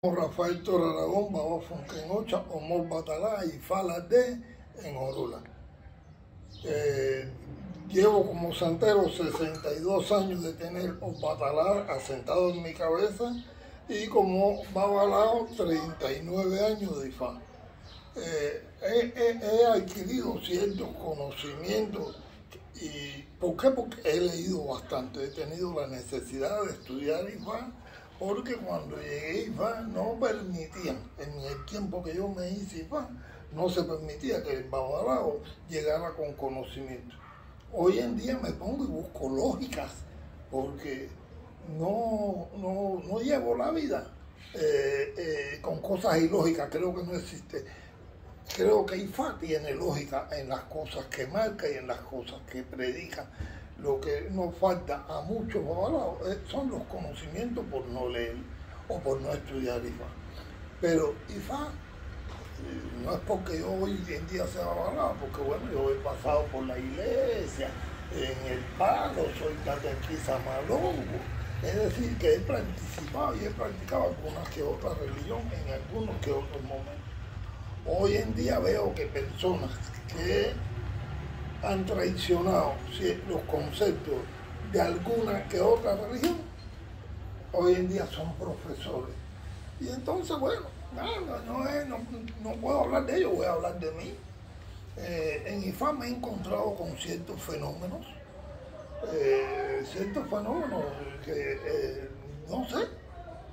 Rafael Toraragón, Baba Fonquenocha, Batalá y Fala de en Orula. Eh, llevo como santero 62 años de tener Batalá asentado en mi cabeza y como Babalao 39 años de IFA. Eh, he, adquirido ciertos conocimientos y ¿por qué? Porque he leído bastante, he tenido la necesidad de estudiar IFA. Porque cuando llegué a IFA no permitía, en el tiempo que yo me hice IFA, no se permitía que el babalao llegara con conocimiento. Hoy en día me pongo y busco lógicas, porque no, llevo la vida eh, eh, con cosas ilógicas, creo que no existe. Creo que IFA tiene lógica en las cosas que marca y en las cosas que predica lo que nos falta a muchos avalados eh, son los conocimientos por no leer o por no estudiar IFA. Pero IFA eh, no es porque yo hoy en día sea avalado, porque bueno, yo he pasado por la iglesia, en el palo, soy catequista malongo. Es decir, que he participado y he practicado algunas que otras religión en algunos que otros momentos. Hoy en día veo que personas que han traicionado los conceptos de alguna que otra religión, hoy en día son profesores. Y entonces, bueno, nada, no, no, puedo hablar de ellos, voy a hablar de mí. Eh, en IFAM me he encontrado con ciertos fenómenos, eh, ciertos fenómenos que, eh, no sé,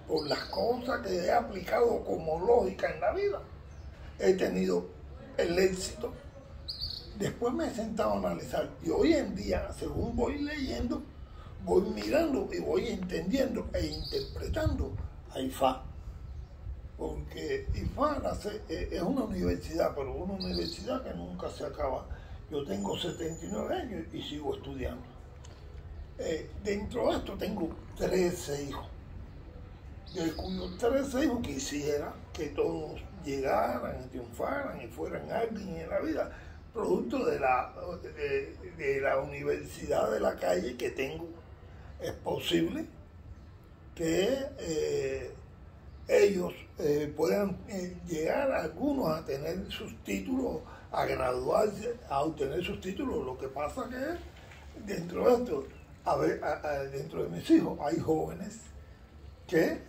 por las cosas que he aplicado como lógica en la vida, he tenido el éxito Después me he sentado a analizar y hoy en día, según voy leyendo, voy mirando y voy entendiendo e interpretando a IFA. Porque IFA e, es una universidad, pero una universidad que nunca se acaba. Yo tengo 79 años y sigo estudiando. Eh, dentro de esto tengo 13 hijos, de cuyos 13 hijos quisiera que todos llegaran y triunfaran y fueran alguien en la vida, producto de la, de, la universidad de la calle que tengo. Es posible que eh, ellos eh, puedan eh, llegar algunos a tener sus títulos, a graduarse, a obtener sus títulos. Lo que pasa que dentro de esto, dentro de mis hijos hay jóvenes que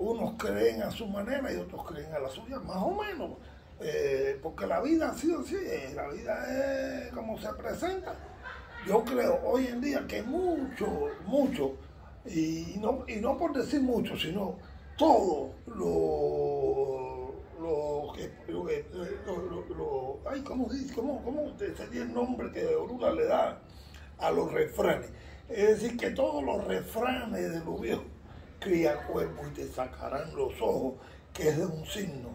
unos creen a su manera y otros creen a la suya, más o menos. Eh, porque la vida ha sido así la vida es como se presenta. Yo creo hoy en día que mucho, mucho, y no, y no por decir mucho, sino todo lo, lo que... Lo, ay, ¿cómo, dice? ¿Cómo, sería el nombre que Oruga le da a los refranes? Es decir, que todos los refranes de los viejos, cría cuerpo y te sacarán los ojos, que es de un signo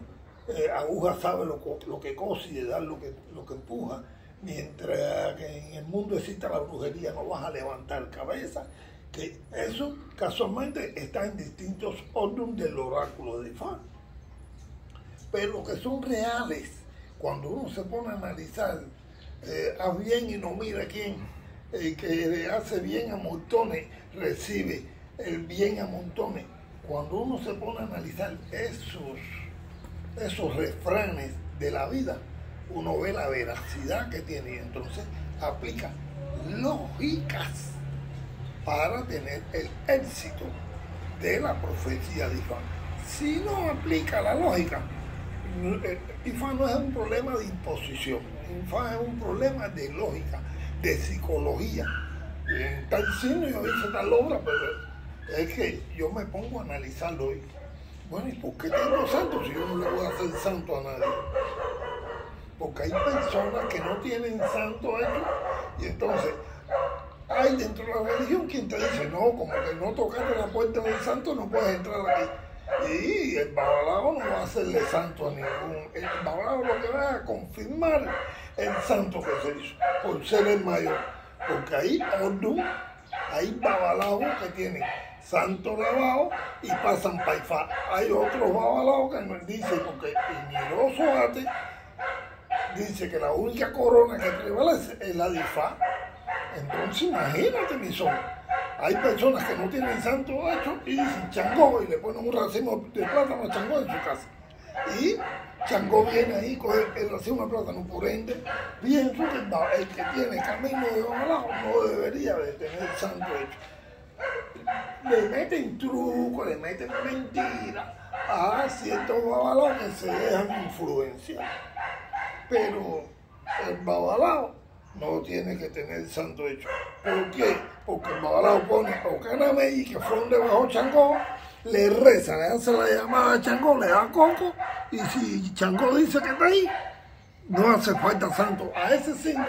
eh, aguja sabe lo, lo, que cose y de dar lo que, lo que empuja, mientras que en el mundo exista la brujería, no vas a levantar cabeza, que eso casualmente está en distintos órdenes del oráculo de fan Pero que son reales, cuando uno se pone a analizar eh, a bien y no mira quién, que le hace bien a montones, recibe el bien a montones. Cuando uno se pone a analizar esos esos refranes de la vida, uno ve la veracidad que tiene y entonces aplica lógicas para tener el éxito de la profecía de Ifán. Si no aplica la lógica, eh, Ifán no es un problema de imposición, Ifán es un problema de lógica, de psicología. En tal signo yo hice tal obra, pero es que yo me pongo a analizarlo hoy. Bueno, ¿y por qué tengo santo si yo no le voy a hacer santo a nadie? Porque hay personas que no tienen santo a ellos y entonces hay dentro de la religión quien te dice, no, como que no tocaste la puerta del santo no puedes entrar aquí. Y el babalao no va a hacerle santo a ningún. El babalao lo que va a confirmar el santo que se hizo, por ser el mayor. Porque hay ordu, hay babalao que tiene. Santo de y pasan paifa Hay otros babalados que nos dicen, porque el ate dice que la única corona que prevalece es la de Ifá. Entonces imagínate mi son. Hay personas que no tienen santo hecho y dicen changó y le ponen un racimo de plátano a changó en su casa. Y changó viene ahí, coge el racimo de plátano. Por ende, pienso que el que tiene camino de abajo no debería de tener santo hecho le meten truco, le meten mentira a ah, ciertos babalones que se dejan influenciar. Pero el babalao no tiene que tener santo hecho. ¿Por qué? Porque el babalao pone a y que fue donde bajó le reza, le hace la llamada a Changó, le da coco, y si Changó dice que está ahí, no hace falta santo. A ese signo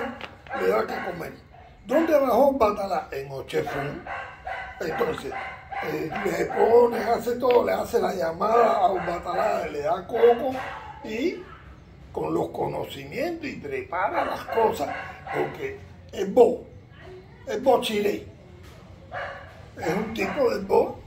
le da que comer. ¿Dónde bajó Batala En Ochefun. Entonces, eh, le pone hace todo, le hace la llamada a un batalada, le da coco y con los conocimientos y prepara las cosas, porque es bo, es bo chile, es un tipo de bo,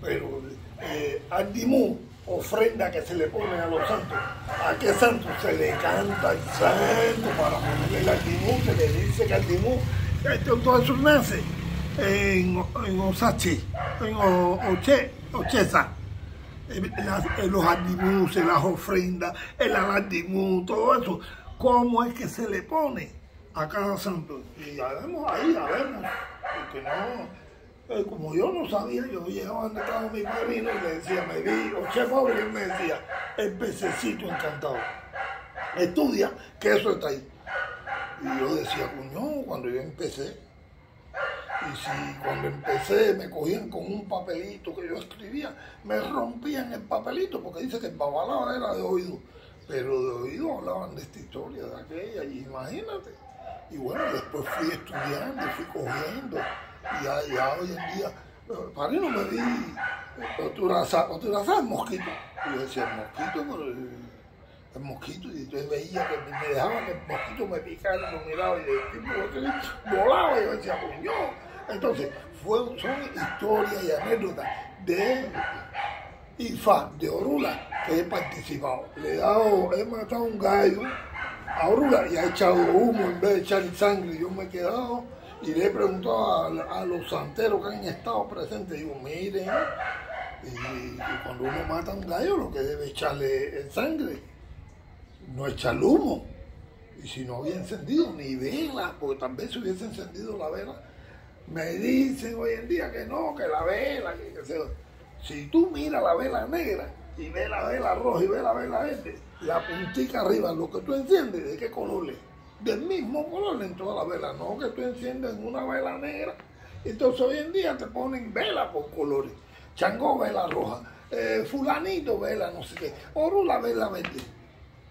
pero eh, Dimú ofrenda que se le pone a los santos. ¿A qué santo? Se le canta el santo para ponerle el Dimú, se le dice que Ardimú, esto todo eso nace en, en Osachi, en Oche, Ochesa. los en las ofrendas, el alandimu, todo eso. ¿Cómo es que se le pone a cada santo? Y ya vemos ahí, ya vemos. Porque no, eh, como yo no sabía, yo llegaba donde estaba mi padrino y le decía, me vi, Oche pobre, me decía, el pececito encantado. Estudia que eso está ahí. Y yo decía, cuñón, cuando yo empecé, y si cuando empecé me cogían con un papelito que yo escribía, me rompían el papelito porque dice que el babalaba era de oído. Pero de oído hablaban de esta historia, de aquella, y imagínate. Y bueno, después fui estudiando, fui cogiendo. Y ya, hoy en día, para mí no me di eh, oturazar, el mosquito. Y yo decía, el mosquito, pero el, mosquito, y entonces veía que me dejaban que el mosquito me picara me miraban y decía volaba y yo decía, yo. Entonces, fue, son historias y anécdotas de IFA, de Orula, que he participado. Le he dado, he matado un gallo a Orula y ha echado humo en vez de echar sangre. Yo me he quedado y le he preguntado a, los santeros que han estado presentes. Digo, miren, y, cuando uno mata un gallo, lo que debe echarle es sangre, no echar humo. Y si no había encendido ni vela, porque tal vez se hubiese encendido la vela, me dicen hoy en día que no, que la vela, que, Si tú miras la vela negra y ves la vela roja y ves la vela verde, la puntica arriba, lo que tú enciendes, ¿de qué color es? Del mismo color en toda la vela. no que tú enciendes una vela negra. Entonces hoy en día te ponen vela por colores. Chango, vela roja. Eh, fulanito, vela no sé qué. orula la vela verde.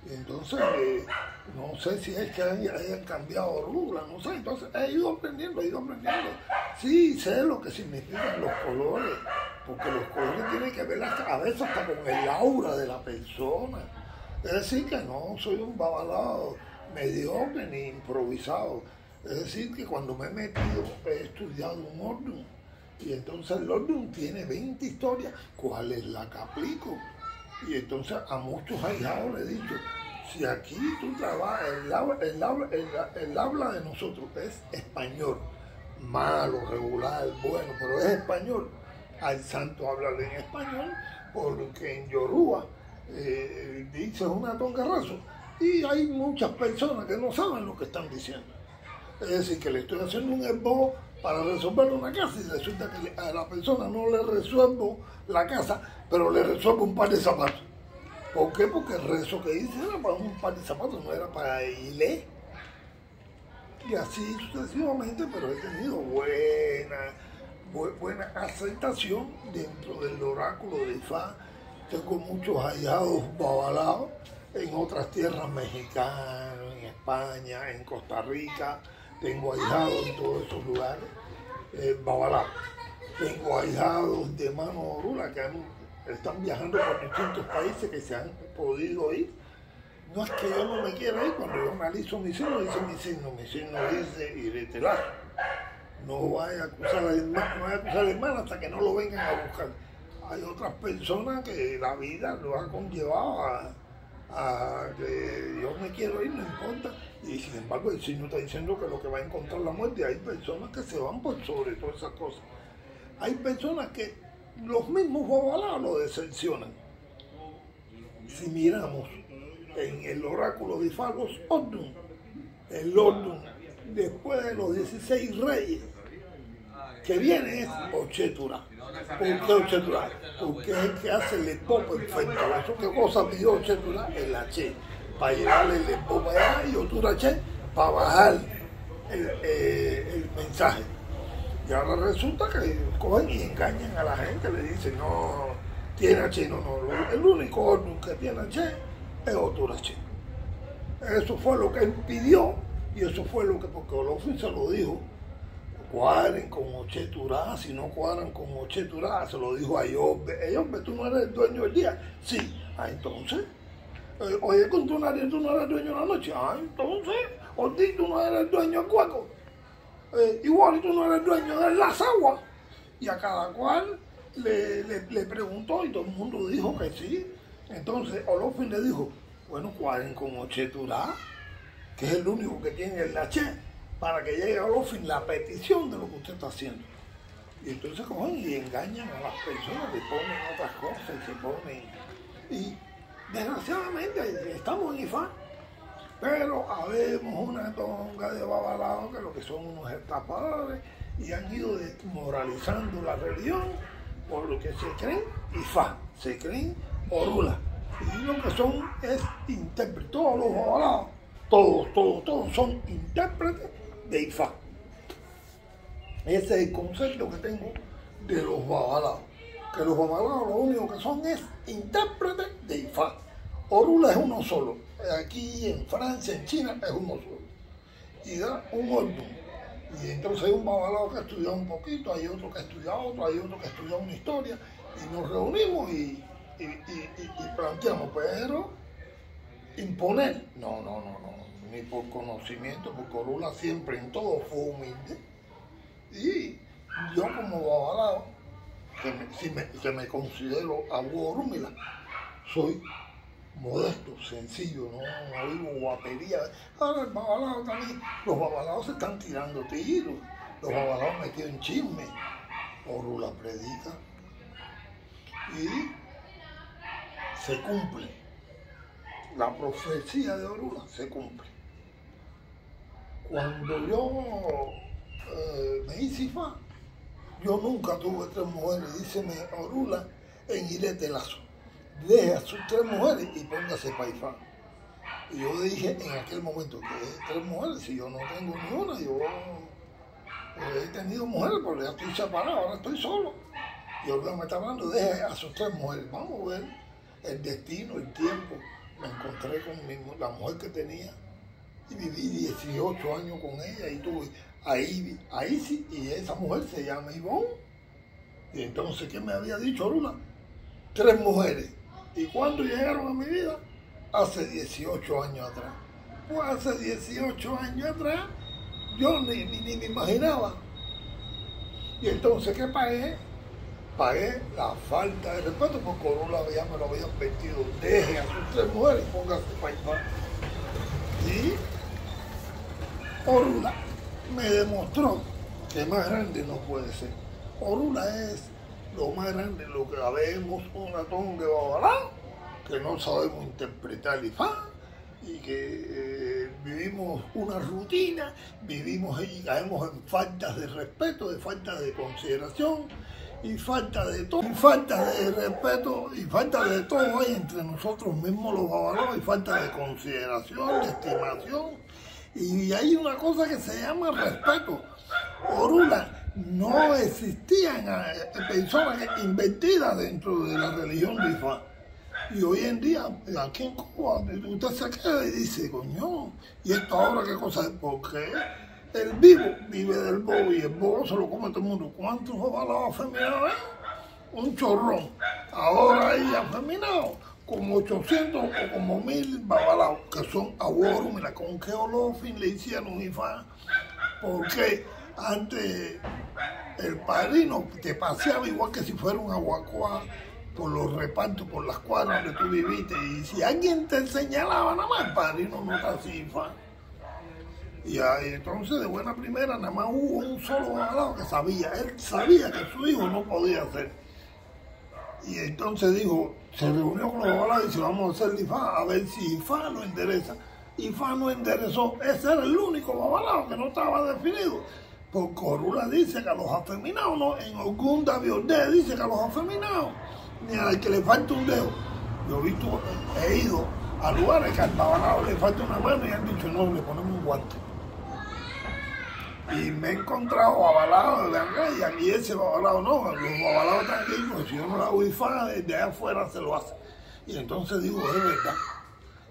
Entonces, eh, no sé si es que hayan, cambiado rula, no sé. Entonces, he ido aprendiendo, he ido aprendiendo. Sí, sé lo que significan los colores, porque los colores tienen que ver a veces hasta con el aura de la persona. Es decir, que no soy un babalado mediocre ni improvisado. Es decir, que cuando me he metido, he estudiado un orden. Y entonces el orden tiene 20 historias. ¿Cuál es la que aplico? Y entonces a muchos aislados le he dicho, si aquí tú trabajas, el, habla de nosotros es español, malo, regular, bueno, pero es español. Al santo hablar en español, porque en Yoruba eh, dices una tonterazo Y hay muchas personas que no saben lo que están diciendo. Es decir, que le estoy haciendo un esbozo para resolver una casa y resulta que a la persona no le resuelvo la casa, pero le resuelvo un par de zapatos. ¿Por qué? Porque el rezo que hice era para un par de zapatos, no era para irle. Y así sucesivamente, pero he tenido buena, buena aceptación dentro del oráculo de Ifá. Tengo muchos hallados babalados en otras tierras mexicanas, en España, en Costa Rica tengo ahijados en todos esos lugares, eh, Babalá, tengo ahijados de mano orula que están viajando por distintos países que se han podido ir. No es que yo no me quiera ir, cuando yo analizo mi signo, dice mi signo, mi signo dice Iretelá. No vaya a acusar hermano, no vaya a acusar a hermano hasta que no lo vengan a buscar. Hay otras personas que la vida lo ha conllevado a, a que yo me quiero ir, no importa y sin embargo el Señor está diciendo que lo que va a encontrar la muerte, hay personas que se van por pues, sobre todas esas cosas. Hay personas que los mismos babalá lo decepcionan. Si miramos en el oráculo de Fagos, el Otum, después de los 16 reyes, que viene es Ochetura. ¿Por qué Ochetura? Porque es el que hace el pop Eso cosa pidió Ochetura, el H para llevarle el espuma y Oturache para bajar eh, el, mensaje. Y ahora resulta que cogen y engañan a la gente, le dicen, no, tiene H, no, el único horno que tiene H es Oturache. Eso fue lo que él pidió y eso fue lo que, porque Olofin se lo dijo, cuadren con Oche Turá, si no cuadran con Oche se lo dijo a Yombe, Yombe, hombre, tú no eres el dueño del día. Sí, ah, entonces eh, oye, con tu nariz tú no eres dueño de la noche. Ah, entonces, Ortiz, tú no eres dueño del cuaco. Eh, igual tú no eres dueño de las aguas. Y a cada cual le, le, preguntó y todo el mundo dijo que sí. Entonces, Olofin le dijo, bueno, cuaren con Ocheturá, que es el único que tiene el lache, para que llegue a Olofin la petición de lo que usted está haciendo. Y entonces cogen y engañan a las personas, que ponen otras cosas, y se ponen Desgraciadamente estamos en IFA, pero habemos una tonga de babalados que lo que son unos estafadores y han ido desmoralizando la religión por lo que se creen IFA, se creen orula. Y lo que son es intérpretes, todos los babalados, todos, todos, todos son intérpretes de IFA. Ese es el concepto que tengo de los babalados. Que los babalados lo único que son es intérpretes de IFA. Orula es uno solo. Aquí en Francia, en China, es uno solo. Y da un golpe Y entonces hay un babalado que estudia un poquito, hay otro que estudiado otro, hay otro que estudia una historia. Y nos reunimos y, planteamos, pero imponer. No, no, no, no. Ni por conocimiento, porque Orula siempre en todo fue humilde. Y yo como babalao, si me, considero me considero soy modesto, sencillo, no, no guapería. Ahora el babalao también, los babalaos se están tirando tiros, los babalaos metidos en chisme. por la predica y se cumple. La profecía de Orula se cumple. Cuando yo eh, me hice fan, yo nunca tuve tres mujeres, dice Orula en Irete Lazo deje a sus tres mujeres y póngase paifán. Y yo dije en aquel momento que tres mujeres, si yo no tengo ni una, yo pues, he tenido mujeres, pero ya estoy separado, ahora estoy solo. Y ahora me está hablando, deje a sus tres mujeres, vamos a ver el destino, el tiempo. Me encontré con mi, la mujer que tenía y viví 18 años con ella y tuve ahí, ahí sí, y esa mujer se llama Ivonne. Y entonces, ¿qué me había dicho Luna? Tres mujeres. ¿Y cuándo llegaron a mi vida? Hace 18 años atrás. Pues hace 18 años atrás yo ni, me imaginaba. Y entonces, ¿qué pagué? Pagué la falta de respeto porque con me lo habían vestido. Deje a sus tres mujeres y póngase Y Orula me demostró que más grande no puede ser. Orula es lo más grande, lo que habemos un ratón de que no sabemos interpretar y fa, y que eh, vivimos una rutina, vivimos y caemos en faltas de respeto, de faltas de consideración y falta de todo, falta de respeto y falta de todo hay entre nosotros mismos los babalá, y falta de consideración, de estimación. Y hay una cosa que se llama respeto no existían eh, personas invertidas dentro de la religión de Ifá. Y hoy en día, eh, aquí en Cuba, usted se queda y dice, coño, ¿y esto ahora qué cosa es? Porque el vivo vive del bobo y el bobo se lo come todo el mundo. ¿Cuántos babalaos afeminados hay? Un chorrón. Ahora hay afeminados como 800 o como 1000 babalaos, que son aboros, mira, con qué olor fin le hicieron, Ifá. ¿Por qué? Ante el padrino te paseaba igual que si fuera un aguacuá por los repartos, por las cuadras donde tú viviste. Y si alguien te señalaba, nada más el padrino no te hacía Y entonces de buena primera nada más hubo un solo babalado que sabía, él sabía que su hijo no podía ser. Y entonces dijo, se reunió con los babalados y dice, vamos a hacer IFA, a ver si IFA no endereza. IFA no enderezó, ese era el único babalado que no estaba definido. Por Corula dice que a los afeminados, no, en Ogunda Biordé dice que a los afeminados, ni al que le falta un dedo. Yo he visto, he ido a lugares que al tabanado le falta una mano y han dicho, no, le ponemos un guante. Y me he encontrado avalado de acá y ese abalado no, los abalados están aquí, porque si yo no la hago y de allá afuera se lo hace. Y entonces digo, es verdad.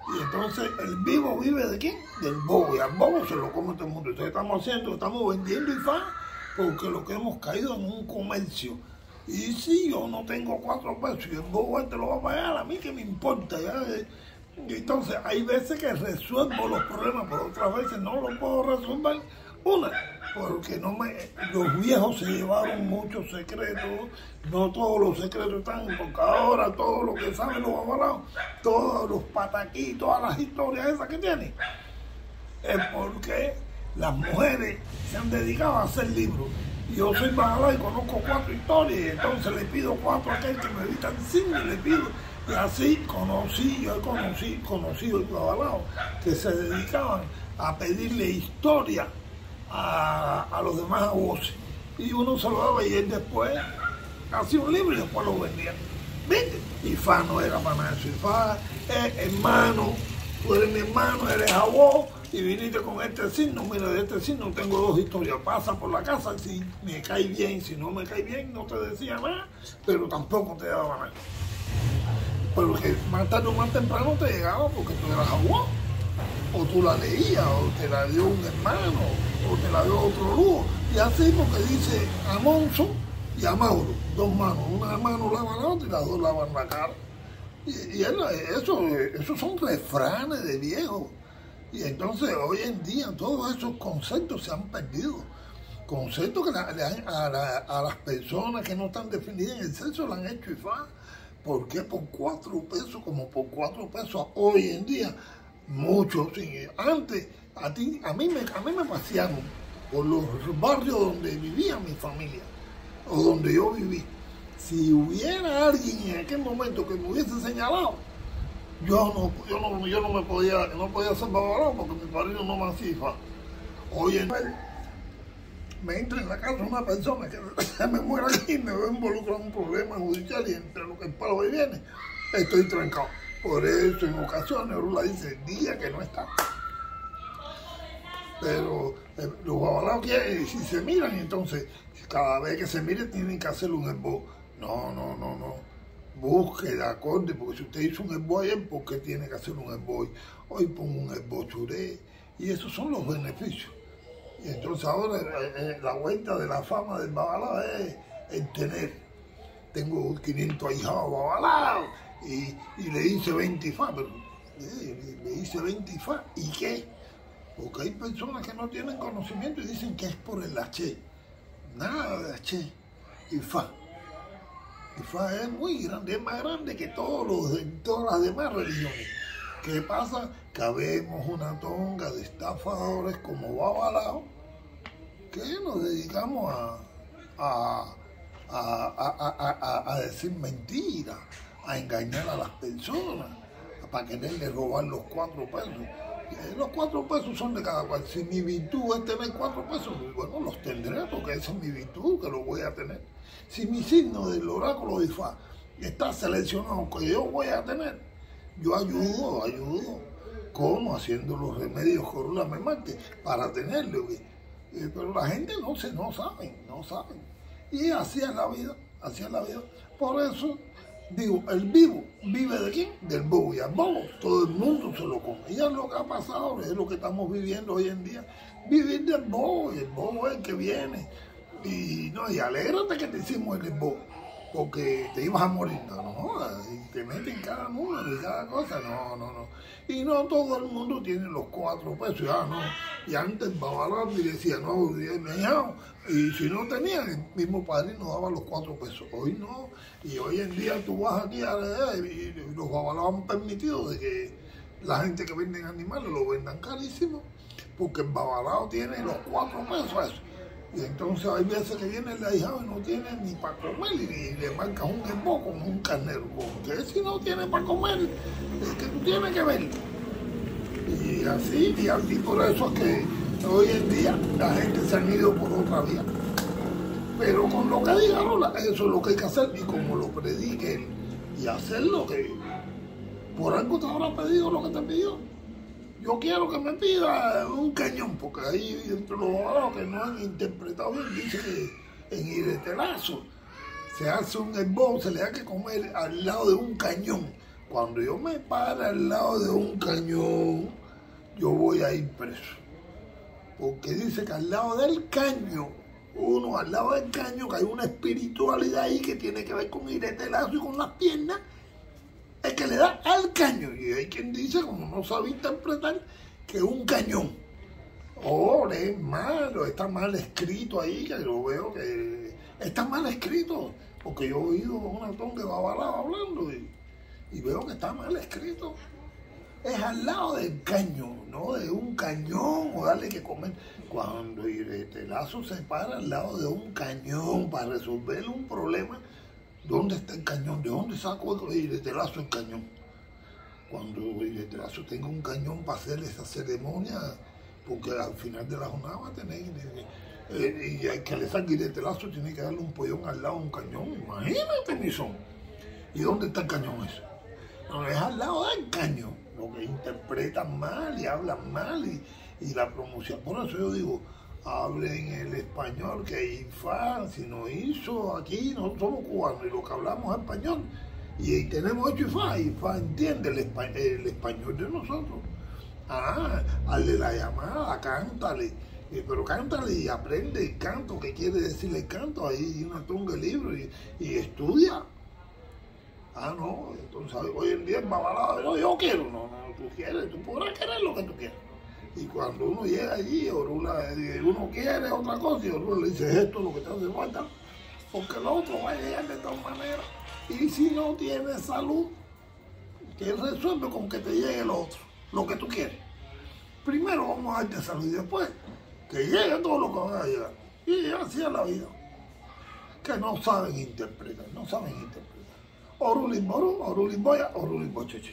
Y entonces el vivo vive de quién? Del bobo. Y al bobo se lo come todo el mundo. Entonces estamos haciendo, estamos vendiendo y fa porque lo que hemos caído en un comercio. Y si yo no tengo cuatro pesos y el bobo te este lo va a pagar, a mí que me importa. Eh. entonces hay veces que resuelvo los problemas, pero otras veces no los puedo resolver. Una, porque no me, los viejos se llevaron muchos secretos, no todos los secretos están, porque ahora todo lo que saben los avalados, todos los pataquí, todas las historias esas que tienen, es porque las mujeres se han dedicado a hacer libros. Yo soy bajalá y conozco cuatro historias, entonces le pido cuatro a aquel que me evita el le pido. Y así conocí, yo he conocido los abalados... que se dedicaban a pedirle historia a, los demás a voces. Y uno se lo daba y él después hacía un libro y después lo vendía. ¿Viste? Y Fa no era para eso. Y Fa es hermano, tú eres mi hermano, eres abogado y viniste con este signo, mira, de este signo tengo dos historias, pasa por la casa, si me cae bien, si no me cae bien, no te decía nada, pero tampoco te daba nada. Pero que más tarde o más temprano te llegaba porque tú eras abogado o tú la leías, o te la dio un hermano, o te la dio otro lujo. Y así porque dice Monzo y a Mauro, dos manos, una mano lava la otra y las dos lavan la cara. Y, y eso, eso son refranes de viejo. Y entonces hoy en día todos esos conceptos se han perdido. Conceptos que a, las personas que no están definidas en el sexo la han hecho y fa. ¿Por qué por cuatro pesos? Como por cuatro pesos hoy en día muchos. Antes a, a, mí me, me pasearon por los barrios donde vivía mi familia o donde yo viví. Si hubiera alguien en aquel momento que me hubiese señalado, yo no, yo yo no me podía, no podía ser babalado porque mi padrino no me hacía Hoy en me entra en la casa una persona que me muera aquí y me involucra en un problema judicial y entre lo que el paro hoy viene, estoy trancado. Por eso en ocasiones Urula dice día que no está. Pero eh, los babalados, quieren si se miran, entonces cada vez que se miren tienen que hacer un embo. No, no, no, no. Busque de porque si usted hizo un esboz ¿por qué tiene que hacer un esboz? Hoy pongo un embo churé. Y esos son los beneficios. Y entonces ahora eh, eh, la vuelta de la fama del babalao es el tener. Tengo 500 ahijados babalados y, le dice 20 fa, pero le hice 20 fa, ¿y qué? Porque hay personas que no tienen conocimiento y dicen que es por el H. Nada de fa. Y fa es muy grande, es más grande que todos los, todas las demás religiones. ¿Qué pasa? Cabemos una tonga de estafadores como Babalao, que nos dedicamos a, a, a, a decir mentiras a engañar a las personas para quererle robar los cuatro pesos. Eh, los cuatro pesos son de cada cual. Si mi virtud es tener cuatro pesos, bueno, los tendré porque esa es mi virtud, que los voy a tener. Si mi signo del oráculo de Ifá está seleccionado, que yo voy a tener, yo ayudo, ayudo. ¿Cómo? Haciendo los remedios con una memante para tenerlo. Eh, pero la gente no se, no saben, no saben. Y así es la vida, así es la vida. Por eso Digo, el vivo vive de quién? Del bobo y al bobo. Todo el mundo se lo come. Y es lo que ha pasado, es lo que estamos viviendo hoy en día. Vivir del bobo y el bobo es el que viene. Y, no, y alégrate que te hicimos el bobo, porque te ibas a morir. No, y te meten cada mundo y cada cosa. No, no, no. Y no todo el mundo tiene los cuatro pesos. ya ah, no. Y antes hablar y decía, no, me hijo, y si no tenían, el mismo padre nos daba los cuatro pesos. Hoy no. Y hoy en día tú vas aquí a la y los babalados han permitido de que la gente que venden animales lo vendan carísimo, porque el babalao tiene los cuatro pesos eso. Y entonces hay veces que viene la hija y no tiene ni para comer y le marca un embo con un carnero. Porque si no tiene para comer, es que tú tienes que ver. Y así, y así por eso es que Hoy en día la gente se han ido por otra vía. Pero con lo que diga Lola, eso es lo que hay que hacer y como lo prediquen y hacer lo que por algo te habrá pedido lo que te pidió. Yo quiero que me pida un cañón, porque ahí entre los abogados que no han interpretado bien, dice que en Iretelazo se hace un esbozo, se le da que comer al lado de un cañón. Cuando yo me paro al lado de un cañón, yo voy a ir preso porque dice que al lado del caño, uno al lado del caño, que hay una espiritualidad ahí que tiene que ver con ir este lazo y con las piernas, es que le da al caño. Y hay quien dice, como no sabe interpretar, que es un cañón. Ahora oh, es malo, está mal escrito ahí, que yo veo que está mal escrito, porque yo he oído a un atón que va hablando y veo que está mal escrito es al lado del cañón, ¿no? De un cañón o darle que comer. Cuando Iretelazo se para al lado de un cañón para resolver un problema, ¿dónde está el cañón? ¿De dónde saco este lazo el cañón? Cuando Iretelazo tenga un cañón para hacer esa ceremonia, porque al final de la jornada va a tener... Eh, y al que le saque de tiene que darle un pollón al lado de un cañón, imagínate mi son. ¿Y dónde está el cañón eso? No, es al lado del cañón porque interpretan mal y hablan mal y, la promoción. Por eso yo digo, hablen el español que Ifá, si no hizo aquí, nosotros somos cubanos y lo que hablamos es español. Y, tenemos hecho IFA, IFA entiende el, el, español de nosotros. Ah, hazle la llamada, cántale, eh, pero cántale y aprende el canto, que quiere decir el canto, ahí una tonga de libro y estudia. Ah, no, entonces hoy en día es más no, yo quiero, no, no, tú quieres, tú podrás querer lo que tú quieras. Y cuando uno llega allí, eh, uno quiere otra cosa y uno le dice esto lo que te hace falta, porque el otro va a llegar de tal manera. Y si no tienes salud, que resuelve con que te llegue el otro, lo que tú quieres. Primero vamos a darte salud y después que llegue todo lo que van a llegar. Y así es la vida. Que no saben interpretar, no saben interpretar. ọrụ Igbo ọrụ Igbo ya ọrụ Igbo ọchịchị